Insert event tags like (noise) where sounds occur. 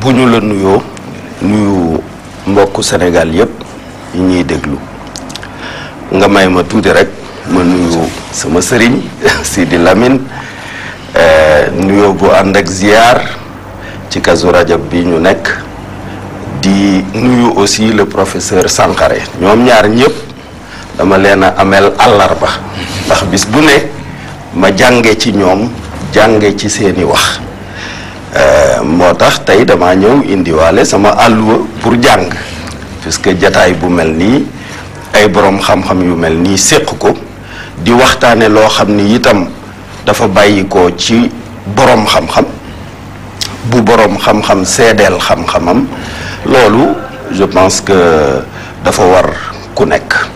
bu ñu la nuyoo nuyu mbokk Sénégal yépp yi ñuy déglu nga may ma tuuti rek ma nuyu sama sëriñ (laughs) Sidi Lamine eh, nuyoo bu ànd ak ziar ci kasu rajab bi ñu nekk di nuyu aussi le professeur sànqare ñoom ñaar ñëpp dama leen a ameel àllarba ndax bis bu ne ma jànge ci ñoom jànge ci seeni wax moo tax tey dama ñëw indiwaale sama àlluwa pour jàng que jataay bu mel nii ay borom xam-xam yu mel nii séq ko di waxtaane loo xam ni itam dafa bàyyi ko ci boroom xam-xam bu borom xam-xam seedeel xam-xamam loolu je pense que dafa war ku nekk